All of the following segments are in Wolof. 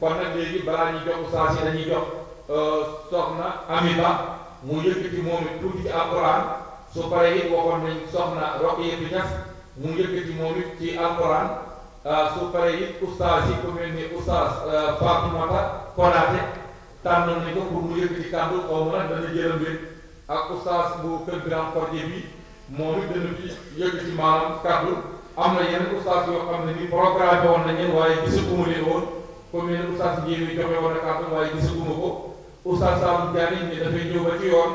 kon nag léegi balaa ñuy jox saa si dañuy jox euh, soxna Amiba mu yëkkati moom it tuuti ci alquran su paree it waxoon nañ soxna Roqe bi Ñas mu yëkkati moom it ci alquran euh, su paree it ustaas yi ku mel ni ustaas euh, Fatimata Konaate tànnoon nañ ko pour mu yëkkati kàddu xaw ma nag dana jëlam leen ak ustaas bu kër Birame Kodé bi moom it dana ci yëkkati kàddu am na yenn ustaas yoo xam ne ni programme woon nañ leen waaye gisu ko mu leen woon. comme ne oustaz Ndiémé joxe woon na kàttan waaye gisaguma ko oustaz Saalum Diané ne dafay ñëw ba ci yoon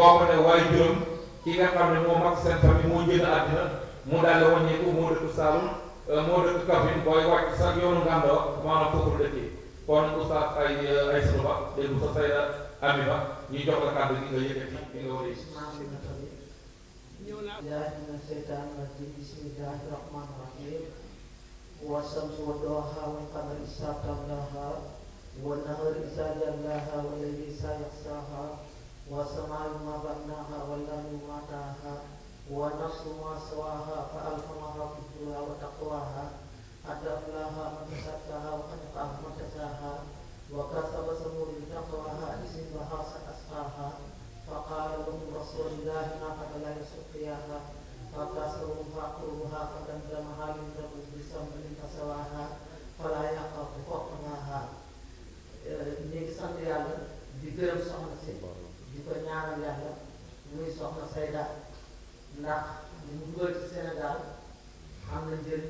oo ko ne waaye juróom ki nga xam ne moo mag seen famille moo génn àddina mu daal la wàññeeku moo dëkk Saalum euh, moo dëkk Kaffrine booy wàcc sax yoonu Ngandoo maanaam foofu la dëkkee kon oustaz ay euh, ay sunu ba dégg sa say euh, ami ba ñu jox la kàddu gi nga yëkkati li nga war a والشمس وضحاها والقمر إذا تلاها والنهر إذا جلاها والليل إذا يغشاها والسماء ما بناها والأرض ما داها والنفس ما سواها فألهمها وتقواها قد من سكتها وقد من دساها وكسب سمور تقواها إذ وحاص فقال لهم رسول الله ناقة لا يسقياها فتسرها قربها فدمدمها لم تكن بسمع فسواها فلا يقف فوقها ñu ngi sant yàlla di gërëm soxna si di ko ñaanal yàlla muy soxna Sayda ndax li mu dugal ci Sénégal am na njëriñ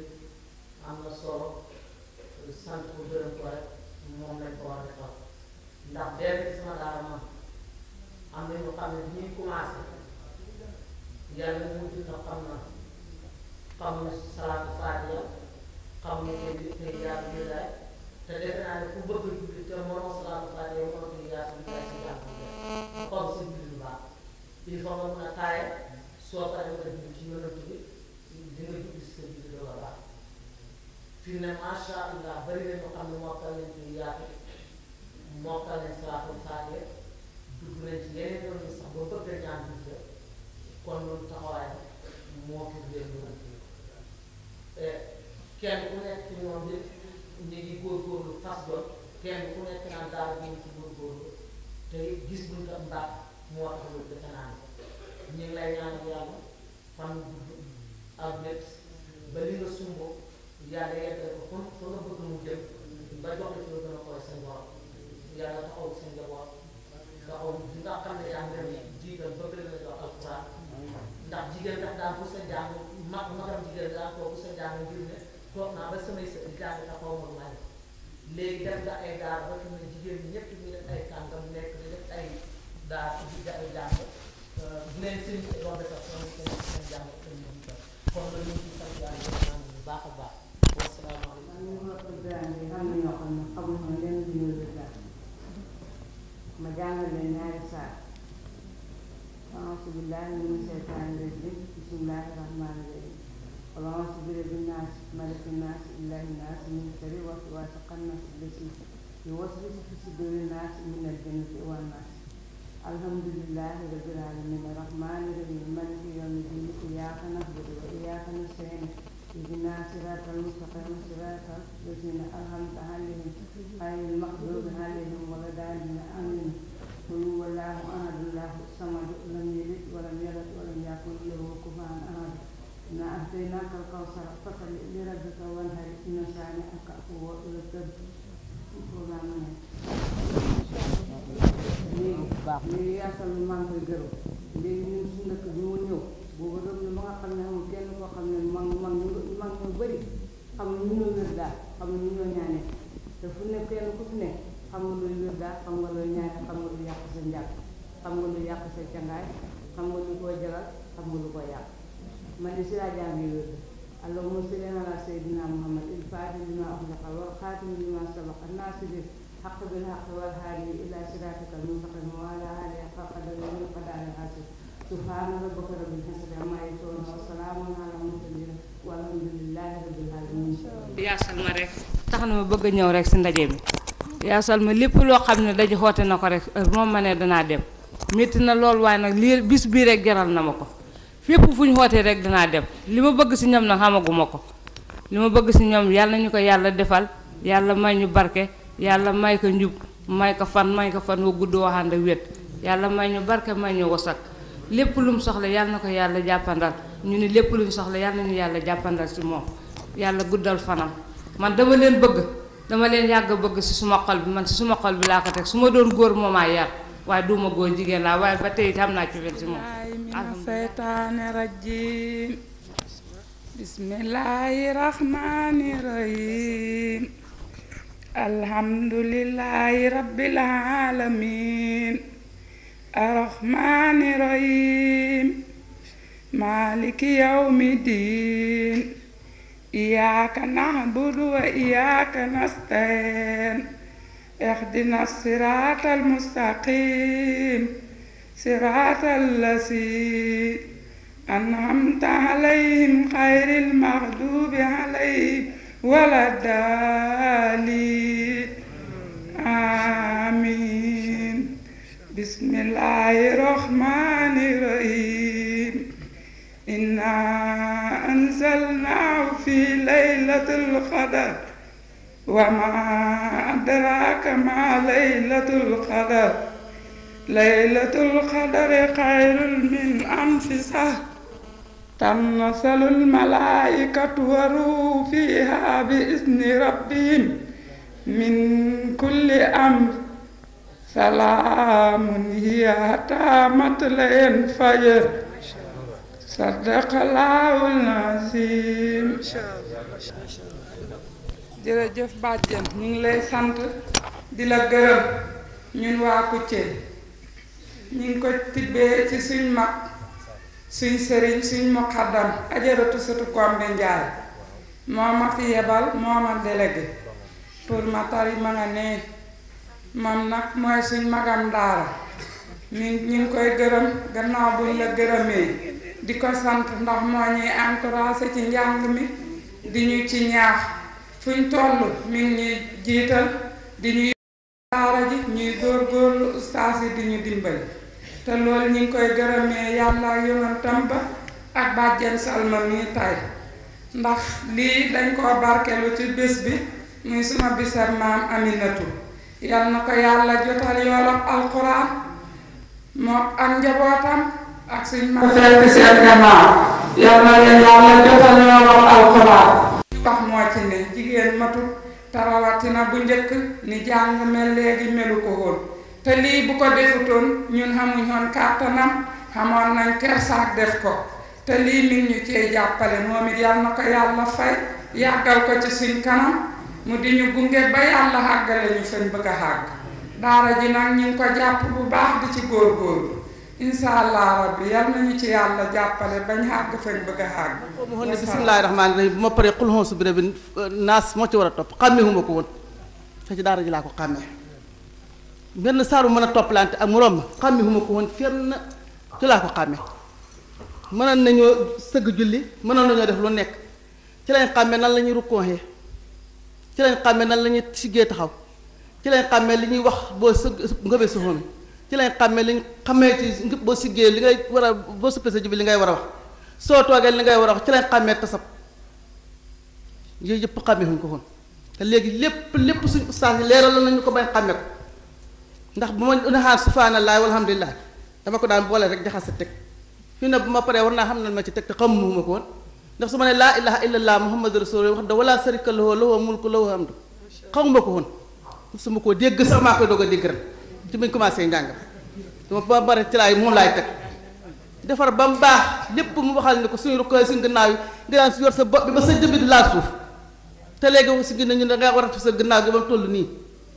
am na solo sant bu gërëm ko rek moom lañ ko war a defal ndax benn sama daara man am na ñu xam ne bi ñuy commencé yàlla wujj na xam na xam na salaatu faatiha xam na ko bi tey yaa bi laay te defe naa ne ku bëgg a julli te mënoo salaatu faatiha mënoo tey yaa bi laay si jàpp kon si julli baax il faut nga mën a taaye soo paree nga julli ci yonent bi di nga julli si sa julli doo baax fii ne macha allah bari na ñu xam ne mokkal nañ tey yaa bi mokkal nañ salaatu faatiha dugg nañ ci yeneen yoon yi sax ba bëgg a ñaan kon loolu taxawaay moo fi gën a kenn ku nekk ci ñoom it ñu ngi góorgóorlu fas ba kenn ku nekk naan daal ñu ngi ci góorgóorlu te gis buñ ko mbaax moo tax ñu defe naa ñu ngi lay ñaanal yàlla fan ak net ba li nga sumb yàlla yeggale ko fa nga bëgg mu jëm ba jox la ci lu gën a koy seen borom nga xam ne yaa ngi dem bëgg la jox ndax jigéen ndax daal bu sa jàng mag magam jigéen daal koo bu sa jàng jur ne toog naa ba samay sëñ bi jàng taxaw ma lu wàññi léegi def nga ay daara ba fi mu ne jigéen ñi ñëpp ñu def ay kàngam nekk di def ay daara di def ay jàng euh, bu leen sëñ si doon defar seen seen seen jàng ak seen ñu ko kon la ñu ci sant yàlla di ñaan bu baax a baax wasalaamaaleykum. ma jàngal leen ñaari saar أعوذ بالله من الشيطان الرجيم بسم الله الرحمن الرحيم اللهم صبر بالناس ملك الناس إله الناس من شر وسواس الناس الذي يوسوس في صدور الناس من الجنة والناس الحمد لله رب العالمين الرحمن الرحيم مالك يوم الدين إياك نعبد وإياك نستعين اهدنا صراط المستقيم صراط الذين أنعمت عليهم غير المغضوب عليهم ولا الضالين آمين قل هو الله احد الله الصمد لم يلد ولم يلد ولم يكن له كفوا احد انا اهديناك الكوثر فصل لربك وانهر ان شانئك هو التبديل baax na léegi yaasal mi maa ngi koy gërëm léegi ñun suñu dëkk bi mu ñëw boobu dem na ba nga xam ne amul kenn koo xam ne man man man ñu bëri xam ne ñu ñoo wér daal xam ne ñu ñoo ñaanee te ne xamul luy wirda xamul luy ñaari xamul lu yàq sa njàpp xamul lu yàq sa cangaay xamul lu ko lu ko yàq man allahumma salli ala sayyidina muhammad il faati lima uxlaqa wal xaatimi lima sabaqa naasiri xaq bil xaq wal ila wa al subhana rabbika rabbil amma yasifun wa salamun ala mursalin walhamdulillahi rabbil alamin ma bëgg ñëw rek ndaje bi yaasal ma lépp loo xam ne dañu xoote na ko rek moom ma ne danaa dem métti na lool waaye nag lii bis bii rek jaral na ma ko fépp fu ñu xootee rek danaa dem li ma bëgg si ñoom nag xamaguma ko li ma bëgg si ñoom yàlla ñu ko yàlla defal yàlla may ñu barke yàlla may ko njub may ko fan may ko fan wa gudd waxaan ak wét yàlla may ñu barke may ñu wasak lépp lum soxla yàlla na ko yàlla jàppandal ñu ni lépp lu mu soxla yàlla nañu yàlla jàppandal si moom yàlla guddal fanam dama leen yàgg a bëgg si suma xol bi man si suma xol bi laa ko teg su ma doon góor moo maa yar waaye duuma góor jigéen laa waaye ba tey it am naa ci si moom. bismillaahi rahmaani rahiim alhamdulillaahi rabbil aalamiin yawmi diin إياك نعبد وإياك نستعين اهدنا الصراط المستقيم صراط الذي أنعمت عليهم خير المغضوب عليهم ولا الضالين آمين بسم الله الرحمن الرحيم إِنَّا في ليلة القدر وما أدراك ما ليلة القدر ليلة القدر خير من ألف تنصل الملائكة وروا فيها بإذن ربهم من كل أمر سلام هي حتى مطلع الفجر sadaqalaahul aziim jërëjëf bàjjen ñu ngi lay sant di la gërëm ñun waa Koutiéne ñu ngi ko tibbee ci suñ mag suñ sëriñ suñ muqaddam ajaratu sëtu Kombe Njaay moo ma fi yebal moo ma délégué pour ma tari ma nga nee moom nag mooy suñ magam daara ñu ngi koy gërëm gannaaw buñ la gërëmee di ko sant ndax moo ñuy encouragé ci njàng mi di ñu ci ñaax fuñ toll mi ngi ñuy jiital di ñuy daara ji ñuy góorgóorlu ustaas yi di ñu dimbali te lool ñu ngi koy gërëmee yàlla ak yonentam ba ak bàjjen salma mii tay ndax lii dañ koo barkelu ci bés bi muy suma bisab maam aminatu yal na ko yàlla jotal yoolab alquran moo ak njabootam ak suñ ma fekk seen gannaaw yal na leen yàlla jotalee wal tax moo ci ne jigéen matul te rawatina bu njëkk ni jàng mel léegi melu ko woon te lii bu ko defutoon ñun xamuñoon kàttanam xamoon nañ kersaak def ko te lii mi ngi ñu cee jàppale moom it yal na ko yàlla fay yàggal ko ci suñ kanam mu di ñu gunge ba yàlla xàggale ñu seen bëgg a xàgg daara ji nag ñu ko jàpp bu baax di ci góorgóorlu incha allah rabbi yal nañu ci yàlla jàppale bañ àgg fañ bëgg a àgg. boobu moo ne bisimilah rahmaani bu ma paree xul xonsu bi rabbi naas moo ci war a topp ko woon te laa ko xàmmee benn saaru mën a toppalante ak moroom ko woon fenn ci laa ko xàmmee mënoon nañoo sëgg julli mënoon nañoo def lu nekk ci lañ xàmmee nan la ñuy rukkooxee ci lañ xàmmee nan la ñuy siggee taxaw ci lañ xàmmee li ñuy wax boo sëgg ngëbee suufam. ci lañ xàmmee liñ xàmmee ci ngëpp boo siggee li ngay war a boo suppee sa jibi li ngay war a wax soo toogee li ngay war a wax ci lañ xàmmee tasab yooyu yëpp xàmmee ko woon te léegi lépp lépp suñu ustaas yi leeral nañu ko bañ xàmmee ko ndax bu ma unaxaan subhaanallaahi walhamdulilah dama ko daan boole rek jaxase teg fii ne bu ma paree war naa xam ne ma ci teg te xamuma ko woon ndax su ma ne laa ilaha illallah muhammadu rasulullah wax da wala sarika lahu lahu mulku lahu hamdu xamuma ko woon su ma koo dégg sax maa koy doog a dégg rek ci bañ commencé njàng dama ba bare ci laay moom laay teg defar ba mu baax lépp mu waxal ne ko suñu rukkoo suñu gannaaw yi nga daan si yor sa bopp bi ba sa jëmbi di laal suuf te léegi aussi gi nañu da ngaa war a sa gannaaw gi ba mu toll nii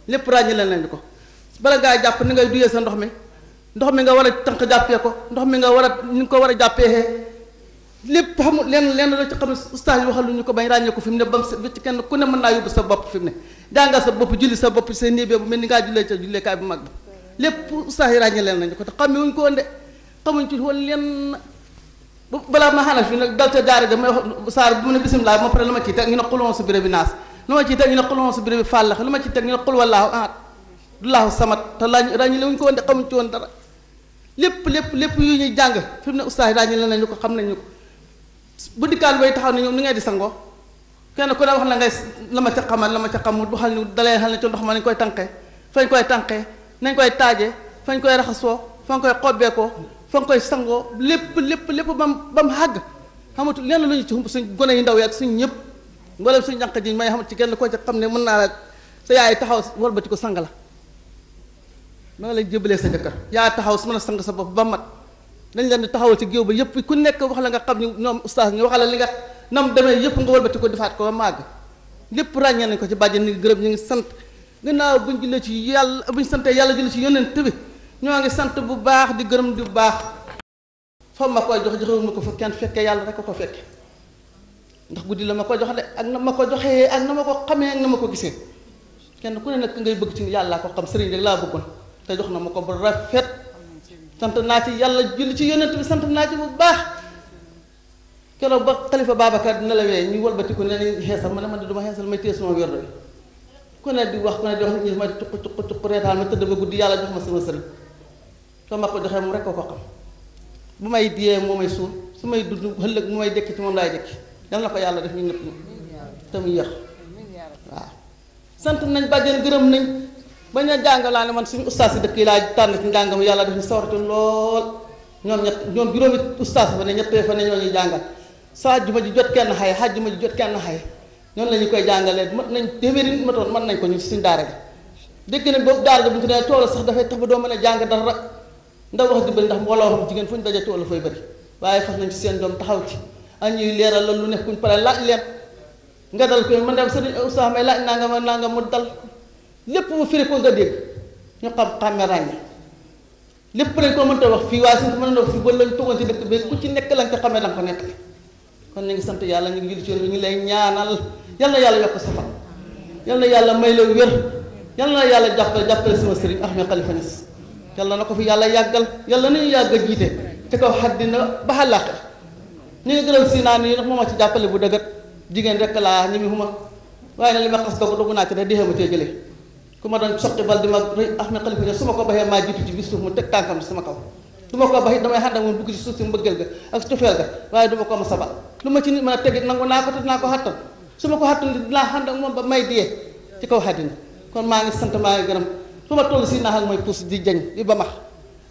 lépp ràññi la leen ko bala ngaa jàpp ni ngay duyee sa ndox mi ndox mi nga war a tànk jàppee ko ndox mi nga war a ni nga ko war a jàppee lépp xamul lenn lenn la ci xam ne ustaas yi waxaluñu ko bañ ràññee ko fi kenn ku ne mën naa yóbbu sa bopp fi mu ne jàngal sa bopp julli sa bopp sa néebee bu mel ni ngaa jullee ca julleekaay bu mag ba lépp ustaas yi ràññee leen nañu ko te xamee wuñ ko woon de xamuñ ci ne bisimilah wuñ woon dara lépp lépp lépp yu ñuy jàng fi mu ne ustaas yi ràññee leen nañu ko xam nañ ko bu dikkaat bay taxaw ne ñoom ni ngay di sango kenn ku ne wax na ngay la ma ca xamal la ma ca xamul bu xal ni dalee xal ne ci ndox ma nañ koy tànqee fañ koy tànqee nañ koy taaje fañ koy raxasoo fa koy xobbee ko koy sangoo lépp lépp lépp ba ba mu lenn lu ñu ci xumb ndaw yi ñëpp mboolem suñ jànq ji may xamatu ci kenn koo ci xam ne mën naa la sa yaay taxaw warbati ko sang la noonu lañ jëbalee sa jëkkër yaa taxaw su mën a sang sa bopp ba mat dañ leen di taxawal ci géew bi yëpp ku nekk wax la nga xam ni ñoom oustaz ñu wax la li nga nam demee yëpp nga wëlbati ko defaat ko màgg lépp ràññee nañ ko ci bàjj ni gërëm ñu ngi sant gannaaw buñ jullee ci yàlla buñ santee yàlla julli ci yonent bi ñoo ngi sant bu baax di gërëm bu baax fa ma koy jox joxewu ma ko kenn fekkee yàlla rek ko ko fekke ndax guddi la ma ko jox de ak na ma ko joxee ak na ma ko xamee ak na ma ko gisee kenn ku ne nag ngay bëgg ci yàllaa ko xam sëriñ rek laa bëggoon te jox na ma ko ba rafet sant naa ci yàlla julli ci yonent bi sant naa ci bu baax keroog ba xalifa Babacar nelawee ñu walbati ko ne nañ xeesal ma ne man de duma xeesal may téye suma wér bi ku ne wax ku ne ma cuq cuq ma tëdd ma guddi yàlla jox ma sama sëriñ soo ma ko joxee moom rek ko ko xam bu may diyee moom ay suul su may dund ëllëg mu may dëkk ci moom laay dëkk dem na ko yàlla def ñu nëpp ñu te muy yéex waaw sant nañ bàjjen gërëm nañ ba ñu jàngal laa ne man suñu ustaas yi dëkk yi laa tànn ci njàngam yàlla def ñu sawrati lool ñoom ñett ñoom juróomi ustaas fa ne ñett fa ne ñoo ñuy jàngal sa àjjuma ji jot kenn xay àjjuma ji jot kenn xay noonu la koy jàngalee mat nañ téeméeri nit nañ ko ñu suñu daara ji dégg nañ boobu daara ji bu ñu ko nee tool sax dafay tax ba doo mën a jàng dara ndaw wax di bëri ndax mbooloo xam jigéen fu ñu daje tool fay bëri waaye fas nañ ci seen doom taxaw ci añuy leeral la lu nekk kuñ pare laaj leen lépp mu firi ko nga dégg ñu xam xàmme ràññe lépp lañ ko mënta wax fii waaye suñ ko mën a wax fii ba lañ toogoon ci dëkk bi ku ci nekk lañ ko xamee danga ko nekk kon ñu ngi sant yàlla ñu ngi julli ci ñu ngi lay ñaanal yal na yàlla yokk sa fan yàlla may la wér yal na yàlla jàppale jàppale sama sëriñ Ahmed Khalifa Niass yàlla na ko fi yàlla yàggal yàlla nañu yàgg a jiite te kaw xaddina ba xalaaxir ñu ngi gërëm si naan yi nag mooma ci jàppale bu dëggat jigéen rek laa ñi mi huma waaye ne li ma xas doog dugg naa ci rek di ku ma doon sotti bal di ma rëy Ahmed Khalifa Niass su ma ko baxee maa jiitu ci suuf mu teg tànkam ci sama ma ko bax it damay xànd a ba lu ma a ko te dinaa ko xattan su ma ko xattan dinaa xànd maa ngi sant maa gërëm fu ma toll si naax ak mooy puus di ba max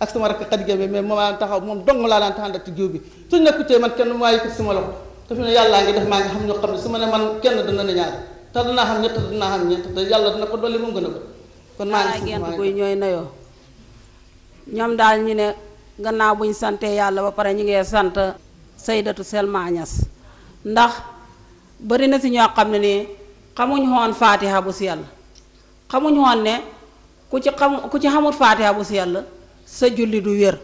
ak moom dong laa daan taxandat ci jiw loxo te ne yàllaa ngi def maa ngi xam ñoo xam ne su ma ne man kenn dana na ñaar te dinaa xam ñett te dinaa xam ñett te yàlla dina ko dolli moom gën a kon maa ngi gent guy ñooy nayoo ñoom daal ñu ne gannaaw bu ñu santee yàlla ba pare ñu ngi sant Saydatu Selma Ñas ndax bari na si ñoo xam ne nii xamuñ xoon faatiha bu si xamuñ xoon ne ku ci xam ku ci xamul faatiha bu si sa julli du wér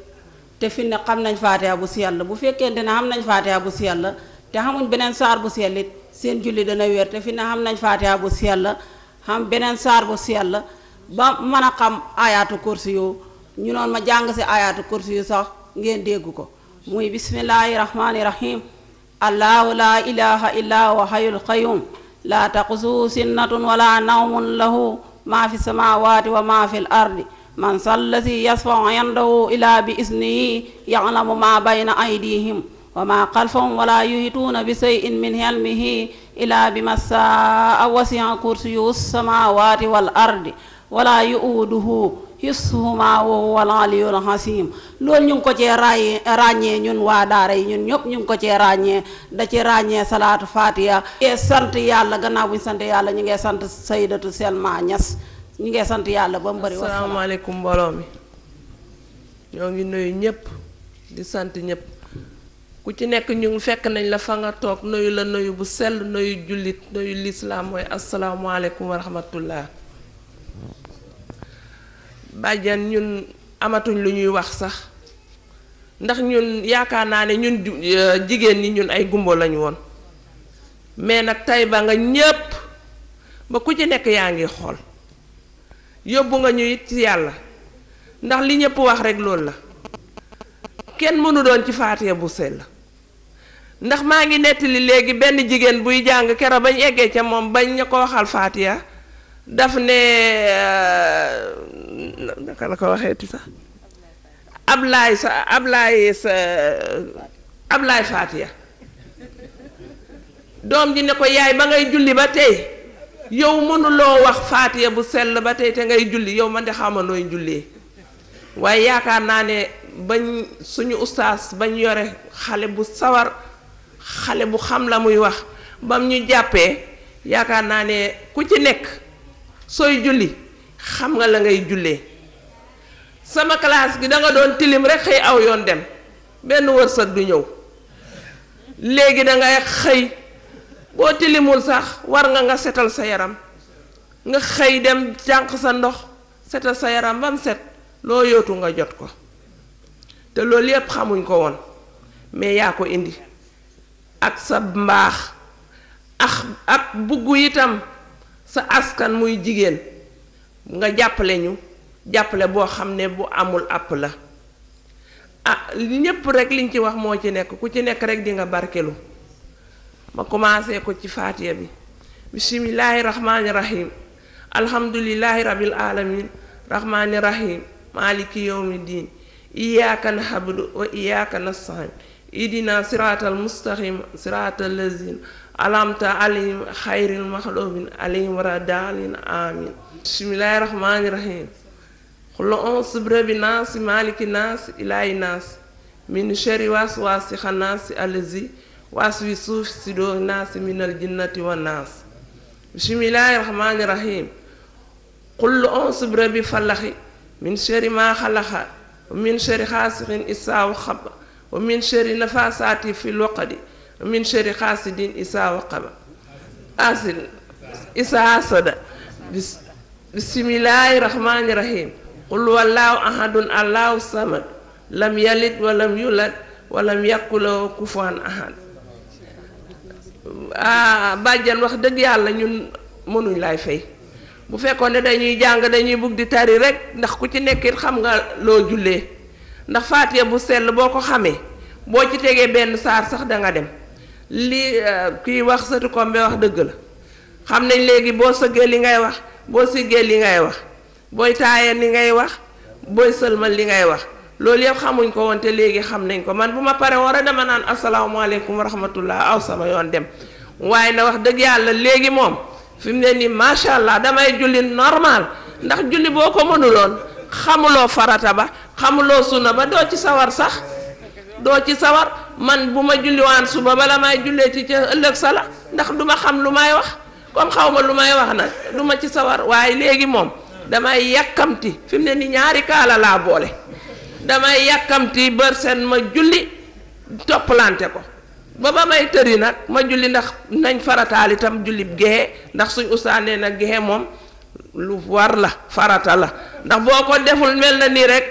te fi ne xam nañ faatiha bu si yàlla bu fekkente ne xam nañ faatiha bu si yàlla te xamuñ beneen saar bu si it seen julli dana wér te fi na xam nañ fatiha bu sell xam benen sar bu sell ba mën xam ayatu kursi yu ñu non ma jàng ci ayatu kursi yu sax ngeen deggu ko muy bismillahir rahmanir rahim allah la ilaha illa huwa hayyul qayyum laa taqusuhu sinnatun wala nawmun lahu ما في السماوات وما في الأرض من صلى man sallazi yasfau yandahu ila bi isnihi yalamu maa wa maa xalfahum wala yuhituuna bi shay'in min ilmihi ilaa bi ma saa wasi'a sama waati wal ardi wala yuuduhu hissuhuma wa huwal aliyul hasim loolu ñu ngi ko cee ràññee ràññee ñun waa daara yi ñun ñëpp ñu ngi ko cee ràññee da ci ràññee salaatu faatiya ngee sant yàlla gannaaw bu ñu sant yàlla ñu ngee sant saydatu Selma Ñas ñu ngee sant yàlla ba mu bëri asalaamaaleykum mbooloo mi ñoo ngi nuyu ñëpp di sant ñëpp ku ci nekk ñu fekk nañ la fa nga toog nuyu la nuyu bu sell nuyu jullit nuyu lislaam mooy asalaamualeykum wa rahmatullah bàjjan ñun amatuñ lu ñuy wax sax ndax ñun yaakaar naa ne ñun euh, jigéen ñi ñun ay gumbo lañu woon mais nag tey ba nga ñépp ba ku ci nekk yaa ngi xool yóbbu nga ñu it ci yàlla ndax li ñëpp wax rekk loolu la kenn mënu doon ci faatiya bu sell ndax maa ngi nettali léegi benn jigéen buy jàng kero bañ eggee ca moom bañ ña ko waxal faatiya daf ne euh, naka la ko waxeeti sax ablaay sa ablaay sa ablaay faatiya doom ji ne ko yaay ba ngay julli ba tey yow mënuloo wax faatiya bu sell ba tey te ngay julli yow man de xawma nooy waaye yaakaar naa ne bañ suñu ustaas bañ yore xale bu sawar xale bu xam la muy wax bam ñu jàppee yaakaar naa ne ku ci nekk sooy julli xam nga la ngay jullee sama classe gi da nga doon tilim rek xëy aw yoon dem benn wërsëg du ñëw léegi da ngay xëy boo tilimul sax war nga nga setal sa yaram nga xëy dem jànq sa ndox setal sa yaram ba mu set loo yootu nga jot ko te loolu yépp xamuñ ko woon mais yaa ko indi ak sa mbaax ak ak buggu itam sa askan muy jigéen nga jàppale ñu jàppale boo xam ne bu amul àpp la a ah, ñépp rek liñ ci wax moo ci nekk ku ci nekk rek di nga barkelu ma commencé ko ci faatiya bi bismillaahi rahmaani rahim alhamdulillahi rabbil alamin rahmaani rahim maliki yawmi diin iyaaka nahabudu wa iyaaka nastain إدنا صراط المستقيم صراط الذين ألمت عليهم خير المخلوق عليهم ولا آمين بسم الله الرحمن الرحيم قل أنص برب الناس مالك ناس إلهي ناس من شر واس واس خناس الذي واس في صدور ناس من الجنة والناس بسم الله الرحمن الرحيم قل أنص برب فلخ من شر ما خلخ ومن شر خاسق إساو خبر wa min sharri nafasaati fil uqadi wa min isaa waqaba asil isaa hasada bismillaahi rahmaani rahiim qul wallaahu ahadun allahu samad lam yalid wa lam yulad wa lam ahad bàjjan wax dëgg yàlla ñun mënuñ lay fay bu fekkoon ne dañuy jàng dañuy bugg di tari rek ndax ku ci nekkit xam nga loo jullee ndax faatiya bu sell boo ko xamee boo ci tegee benn saar sax da nga dem li euh, kiy wax satu kombe wax dëgg la xam nañ léegi boo sëggee li ngay wax boo siggee li ngay wax booy taayee li ngay wax booy sëlmal li ngay wax loolu yëpp xamuñ ko woon te léegi xam nañ ko man bu ma pare war a dama naan asalaamaaleykum wa rahmatullah aw sama yoon dem waaye na wax dëgg yàlla léegi moom fi mu ne nii macha allah damay julli normal ndax julli boo ko mënuloon xamuloo farata ba xamuloo sunna ba doo ci sawar sax doo ci sawar man bu ma julliwaan suba bala may jullee ci ca ëllëg sa la ndax duma xam lu may wax comme xaw ma lu may wax nag du ma ci sawar waaye léegi moom damay yàkkamti fi ne ni ñaari kaala laa boole damay yàkkamti bër seen ma julli toppalante ko ba ba may tëri nag ma julli ndax nañ farataal itam julli gexe ndax suñ ustaan nee na gexe moom lu war la farata la ndax boko deful melna ni rek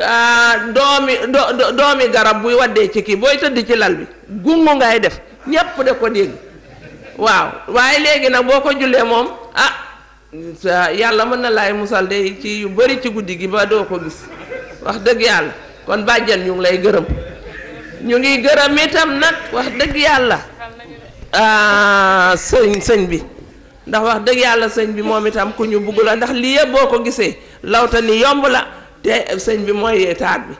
ah, doomi do doomi garab buy wadde ci ki boy teud ci lal bi gungu ngay def ñepp de ko deg waaw waye legi nak boko julle mom ah yàlla mën na lay musal de ci yu bari ci guddigi gi ba do ko gis wax deug kon bajjal ñu lay gërëm ñu ngi gërëm itam nak wax dëgg ah sëñ bi ndax wax dëgg yàlla sëñ bi moom itam ku ñu bugg la ndax lii yëpp boo ko gisee lawta ni yomb la te sëñ bi mooy taat bi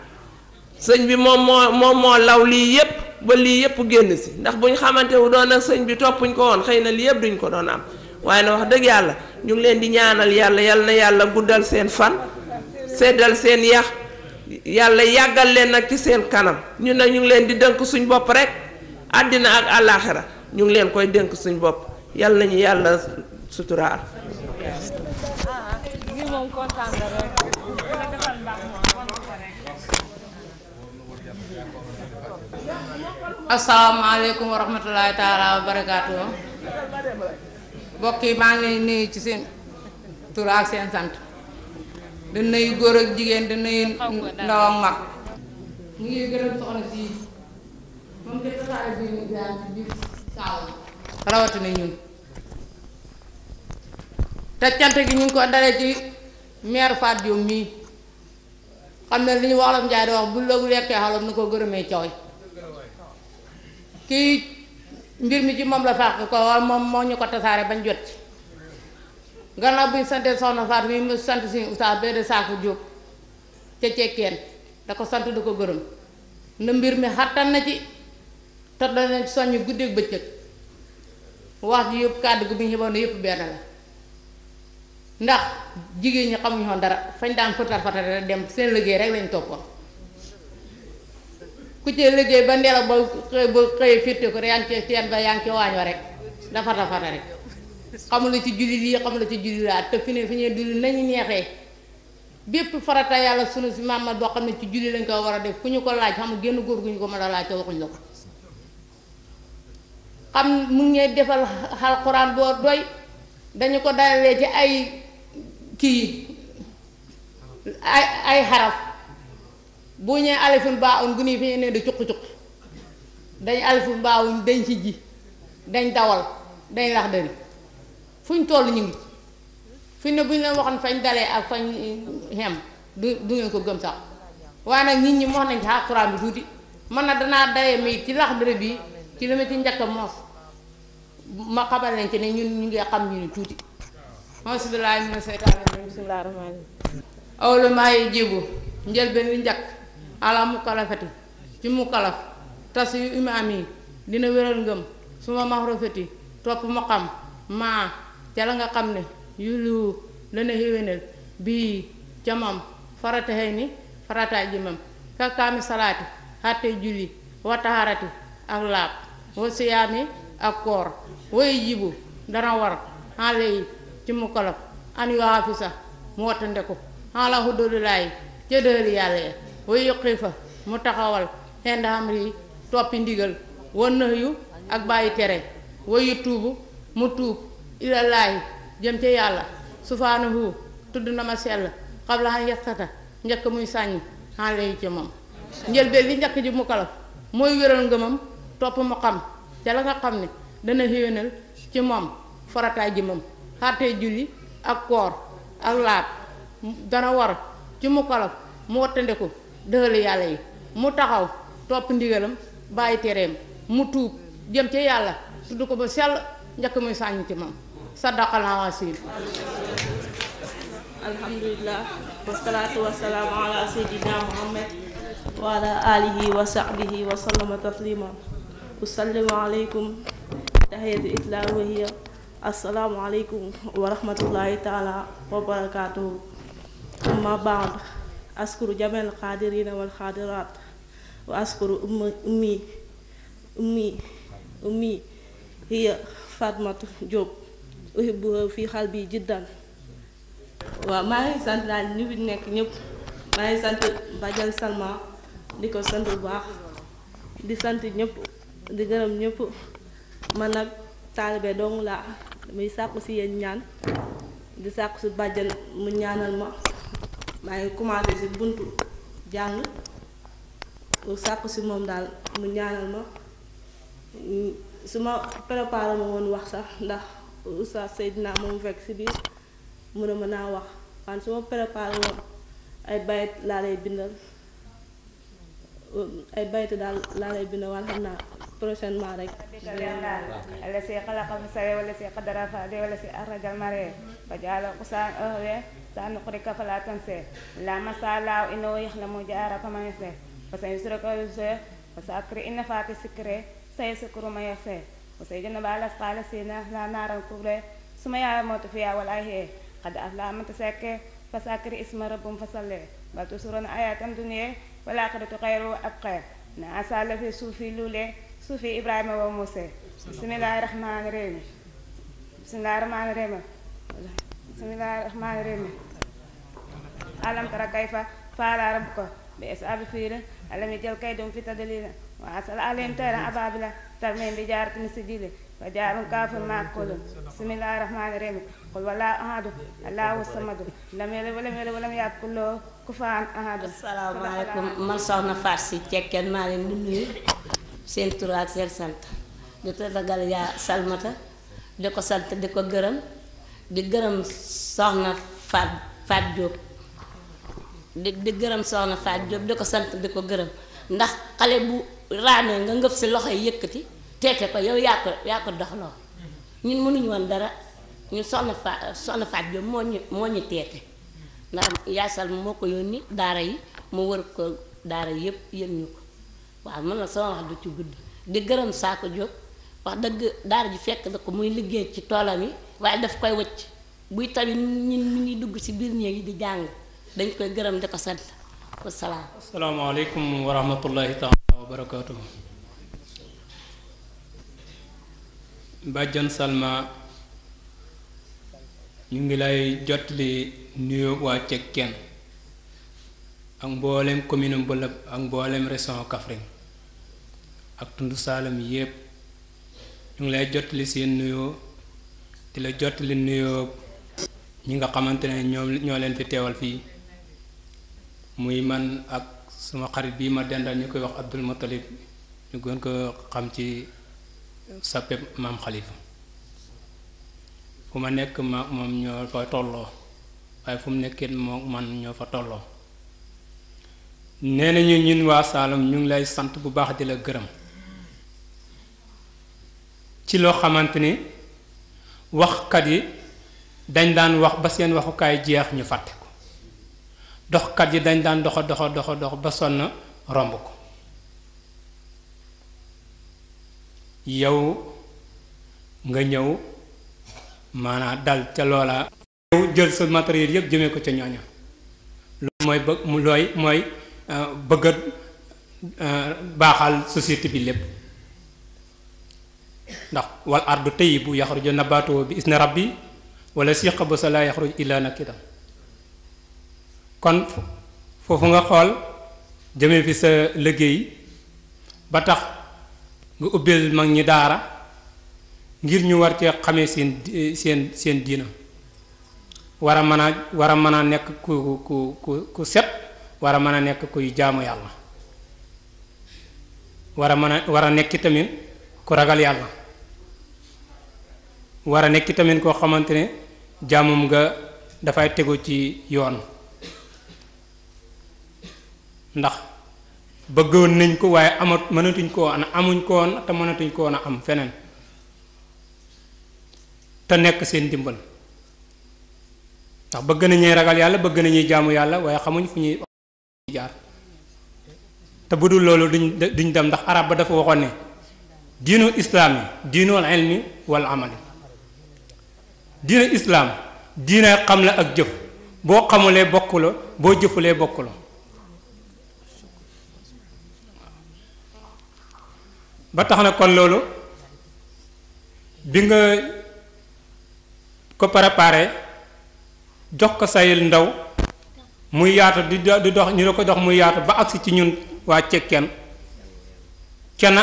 sëñ bi moom moo moom moo law lii yëpp ba lii yëpp génn si ndax bu ñu xamante wu doon ak sëñ bi toppuñ ko woon xëy na lii yëpp duñ ko doon am waaye na wax dëgg yàlla ñu ngi leen di ñaanal yàlla yal na yàlla guddal seen fan seddal seen yax yàlla yàggal leen nag ci seen kanam ñu ne ñu leen di dënk suñ bopp rek àddina ak àllaaxira ñu ngi leen koy dënk suñ bopp yàlla nañu yàlla suturaal. asalaamaaleykum wa rahmatulahi taala wa barakaatu. mbokk yi maa ngi leen nuyu ci seen tur seen sant. di nuyu góor ak jigéen di nuyu ndaw ak mag. rawatina ñun. te cant gi ñu ngi ko dalee ci maire Fatou Diop mii xam ne li ñu wolof Njaay di wax bu loogu lekkee xalam na ko gërëmee cooy kii mbir mi ci moom la fàq ko wala moom moo ñu ko tasaare bañ jot ci gannaaw buñ sante soxna Fatou mi mu sant suñu oustaz bee de Sakho Diop ca cekkeen da ko sant du ko gërëm na mbir mi xattan na ci te dana soññ guddeeg bëccëg wax ji yëpp kàddu gi bi ñu xiboo ne yëpp benn la ndax jigéen ñi xamuñu woon dara fañ daan fëtar fëtar dem seen liggéey rek lañ toppoon ku ci liggéey ba nelaw ba xëy ba xëy fitte ko yaa ngi ci teen ba yaa ngi ci waañ wa rek dafa fata rek xamula ci julli lii xamula ci julli laa te fi ne fi ñee julli bépp farata yàlla sunu si maam boo xam ne ci julli lañ ko war a def ku ñu ko laaj xam génn góor gu ñu ko mën a laaj te waxuñ la ko xam mu ngi defal alxuraan boo doy dañu ko dalalee ci ay kii ay ay xaraf bu ñee alifun baa un gu nii fi ne di cuq cuq dañ alifun baa un dañ ci ji dañ dawal dañ lax dëri fuñ toll ñu ngi fi ne bu ñu leen waxoon fañ dalee ak fañ xem du du ngeen ko gëm sax waaye nag nit ñi wax nañ ci xaquraan bi tuuti man na danaa daye mi ci lax dëri bi ci li ma ci njëkk moos ma xamal leen ci ne ñun ñu ngi xam ñu ni tuuti auzu billaahi mina seytaani rajiim bismillaahi rahmaani rahiim awlu maa yi jibu njëlbeen li njëkk ala mu kalafati ci mu kalaf tas yu imaam yi dina wéral ngëm su ma maxrofati topp mu xam maa ca la nga xam ne yu lu dana héwénal bii ca moom farataxee ni farataay ji salaati xàttee julli wa ak laab wa ak koor way jibu dana war xaale yi ci mu kolof an yu hafisa mu wattandeku xaala xuddululaay ca dëri yàlla ya way yuqi fa mu taxawal xend rii toppi ndigal wan nëx yu ak bàyyi tere wayu tuubu mu tuub ilalaahi jëm ca yàlla sufaanahu tudd na ma sell xam la xam yastata njëkk muy sàññ xaale yi ci moom njëlbeen li njëkk ji mu kolof mooy wéral ngëmam topp mu xam ci la nga xamni dana xéwénal ci moom farataay mom xàttee julli ak koor ak laab dana war ci mu kalaf mu ko deul yàlla yi mu taxaw top ndigalam baye terem mu tuup jëm ci yàlla tuddu ko ba sel ñak muy sañ ci mom sadaqa wasil alhamdulillah wassalatu wassalamu ala sayyidina muhammad wa ala alihi wa sahbihi wa sallama taslima أسلم عليكم تحية الإسلام وهي السلام عليكم ورحمة الله تعالى وبركاته أما بعد أشكر جميع القادرين والقادرات وأشكر أمي أمي أمي هي فاطمة جوب أحبها في قلبي جدا وما هي سانت لا نيب نيك نيب ما هي بجل سلمى ديكو سانت باخ دي سانت نيب di gërëm ñëpp man nag taalibe dong laa damay sàkku si yéen ñaan di sàkku si bàjjan mu ñaanal ma maa ngi commencé si buntu jàng pour sàkku si moom daal mu ñaanal ma su ma préparé ma woon wax sax ndax oustaz Seydina moomu fekk si biir mu ne ma naa wax waan su ma préparé woon ay bayit laa lay bindal ay bayit daal laa lay bindal waan xam naa prochainement rek ala si xalaqa fasawaa wala si qadara fahdaa wala si axrajal mar'aa faja'alahu ghusaan ahwaa sanuqri'uka falaa tansaa illaa maa shaa Allaahu innahu ya'lamu jahra wa maa yukhfii wa sayahdika wa sa'uqri'uka fala tadhakkarii sayadhakkaru man yakhshaa wa sayajannabuhaa al-atqaa laa naaran kubraa summa yamuutu fiihaa wa laa yahyaa qad aflaha man tazakkaa fa zakkir isma rabbika fasalli bal tu'thiruuna al-hayaata ad-dunyaa wal-aaxiratu xayrun wa abqaa inna haazaa lafii suufi Ibrahima wa Mose bismillahi rahmaani rahim bismillahi rahmaani rahim bismillahi rahmaani rahim alam tara kayfa faala rabbuka bi ashabi fiil alam yaj'al kaydahum fi tadlil wa asal alayhim tayran ababila tarmihim bi jaaratin min sijil فجعل كافر ما كل بسم الله الرحمن الرحيم قل ولا احد الله الصمد لم يلد ولم يولد ولم يكن كله كفوا احد السلام عليكم man soxna Fatou Sy Cekkeen maa leen di nuyu seen tur ak seen sant di tatagal yaa salmata di ko sant di ko gërëm di gërëm soxna Faat Faat Jóob di di gërëm soxna Faat Jóob di ko sant di ko gërëm ndax xale bu raanee nga ngëf si loxo yi yëkkati teete ko yow yaa ko yaa ko doxloo ñun mënuñu woon dara ñun soxna fa soxna Faat Jóob moo ñu moo ñu teete ndax yaasal moo ko yónni daara yi mu wër ko daara yëpp yëm ñu ko waaw man na sama wax du ci gudd di gërëm saako jóg wax dëgg daara ji fekk na ko muy liggéey ci toolam yi waaye daf koy wëcc buy tamit ñun ñu ngi dugg ci biir néeg yi di jàng dañ koy gërëm di ko sant wasalaam. asalaamaaleykum wa rahmatullahi taala Bàjjan Salma ñu ngi lay jotli nuyu waa Cekkeen ak mboolem commune Mbëlëb ak mboolem région Kaffrine. ak tund saalam yépp ñu ngi lay jottali seen nuyoo di la jottali nuyoo ñi nga xamante ne ñoom ñoo leen fi teewal fii muy man ak suma xarit bii ma dendal ñu koy wax Abdul Muttalib ñu gën ko xam ci sappe maam Xalifa fu ma nekk ma moom ñoo fa tolloo waaye fu mu nekkee man ñoo fa tolloo nee nañu ñun waa Saalum ñu ngi lay sant bu baax di la gërëm ci lo xamanteni wax kat yi dañ daan wax ba seen waxukaay jeex ñu fàtte ko kat yi dañ daan doxa doxa doxa dox ba sonn romb ko yow nga ñëw maanaa dal ca loola yow jël sa matériel yépp jëmee ko ca ñooña loolu mooy bëgg looy mooy euh, bëgg euh, société bi lépp ndax wal ardu tayyibu yaxruju nabaatuhu bi isni rabbi wala si xabusa laa yaxruj illa nakidan kon foofu nga xool jëmee fi sa liggéey ba tax nga ubbil mag ñi daara ngir ñu war cee xamee seen seen seen diina war a mën a war a mën a nekk ku ku ku set war a mën a nekk kuy jaamu yàlla war a mën a war a nekk tamit ku ragal yàlla war a nekk tamit koo xamante ne jàmmum nga dafay tegu ci yoon ndax bëggoon nañ ko waaye amat mënatuñ ko woon amuñ ko woon te mënatuñ ko woon a am feneen te nekk seen dimbal ndax bëgg nañuy ragal yàlla bëgg nañuy jàmm yàlla waaye xamuñ fu ñuy jaar te bu dul loolu duñ duñ dem ndax arab ba dafa waxoon ne diinul islaam yi diinul ilmi wal amali diina islaam diina xam la ak jëf boo xamulee bokku boo jëfulee bokkuloo ba tax na kon loolu bi nga ko préparé jox ko sayil ndaw muy yaatu di dox ñu la ko dox mu yaatu ba agsi ci ñun waa cekkeen kenn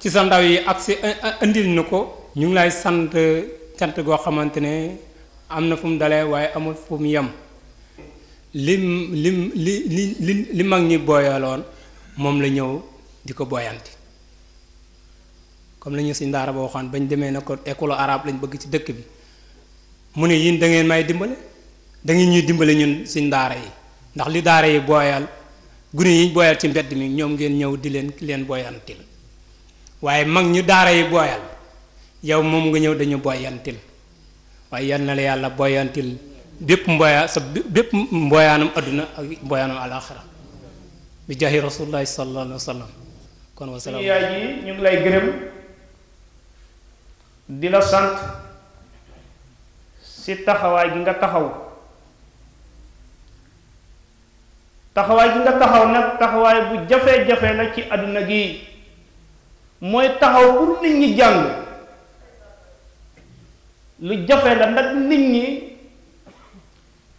ci sa ndaw yi ak si eh, eh, indil na ko ñu ngi lay sant cant goo xamante ne am na fu mu dalee waaye amul fu mu yem lim lim li li li mag ñi booyaloon moom la ñëw di ko booyanti comme la si ndaara ba ne bañ demee na ko école arabe lañ bëgg ci dëkk bi mu ne yéen dangeen ngeen may dimbale da ñuy dimbale ñun si ndaara yi ndax li daara yi booyal gune yi booyal ci mbedd mi ñoom ngeen ñëw di leen ki leen booyantil waaye mag ñu daara yi booyal yow moom nga ñëw dañu boyantil waaye yàlla boyantil bépp mbooya adduna ak mbooyaanam alaxira bi jaahi rasulullahi sallallahu alayhi wa sallam yaay ji ñu ngi lay gërëm di la sant si taxawaay gi nga taxaw taxawaay gi nga taxaw nag taxawaay bu jafe-jafe la ci adduna gi mooy taxaw pour nit ñi jàng lu jafe la ndax nit ñi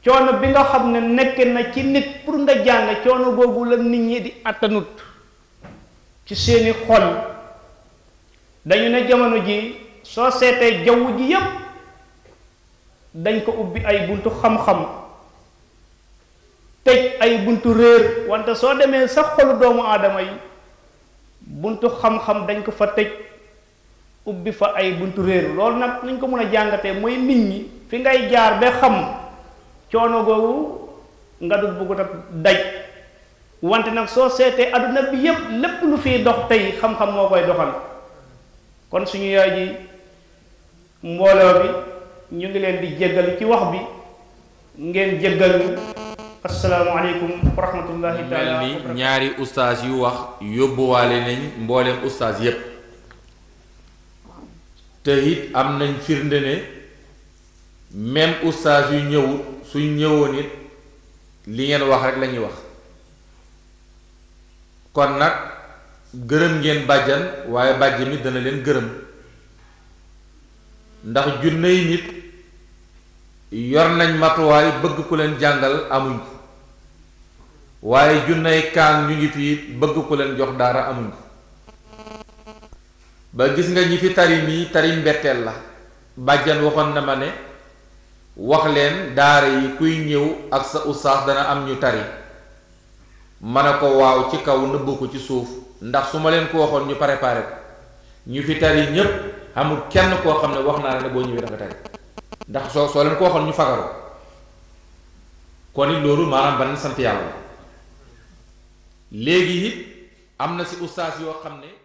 coono bi nga xam ne nekk na ci nit pour nga jàng coono boobu la nit ñi di attanut ci seeni xol dañu ne jamono ji soo seetee jaww ji yépp dañ ko ubbi ay buntu xam-xam tëj ay buntu réer wante soo demee sa xolu doomu aadama yi buntu xam-xam dañ ko fa tëj ubbi fa ay buntu réer loolu nag nañ ko mën a jàngatee mooy nit ñi fi ngay jaar be xam coono googu nga dut bëggut a daj wante nag soo seetee àdduna bi yépp lépp lu fiy dox tey xam-xam moo koy doxal kon suñu yaay ji mbooloo bi ñu ngi leen di jéggal ci wax bi ngeen jéggal ñu asalaamaaleykum wa rahmatullahi mel ni ñaari ustaas yu wax yóbbuwaale nañ mbooleem ustaas yépp te it am nañ firnde ne même ustaas yu ñëwut suñ ñëwoon it li ngeen wax rek lañuy wax kon nag gërëm ngeen bàjjan waaye bàjj mi dana leen gërëm ndax junney nit yor nañ matuwaay bëgg ku leen jàngal amuñ waye junay kan ñu ngi fi bëgg ko leen jox dara amuñ ko ba gis nga ñi fi tari nii tari mbetteel la bàjjan waxon na ma ne wax leen daara yi kuy ñew ak sa oustad dana am ñu tari ma ko waaw ci kaw nëbb ko ci suuf ndax suma leen ko waxon ñu préparer ñu fi tari ñepp amul kenn ko xamne wax na la bo boo da nga tari ndax so so leen ko waxon ñu fagaru kon ni lolu manam ban sant yalla léegi it am na si ustaas yoo xam ne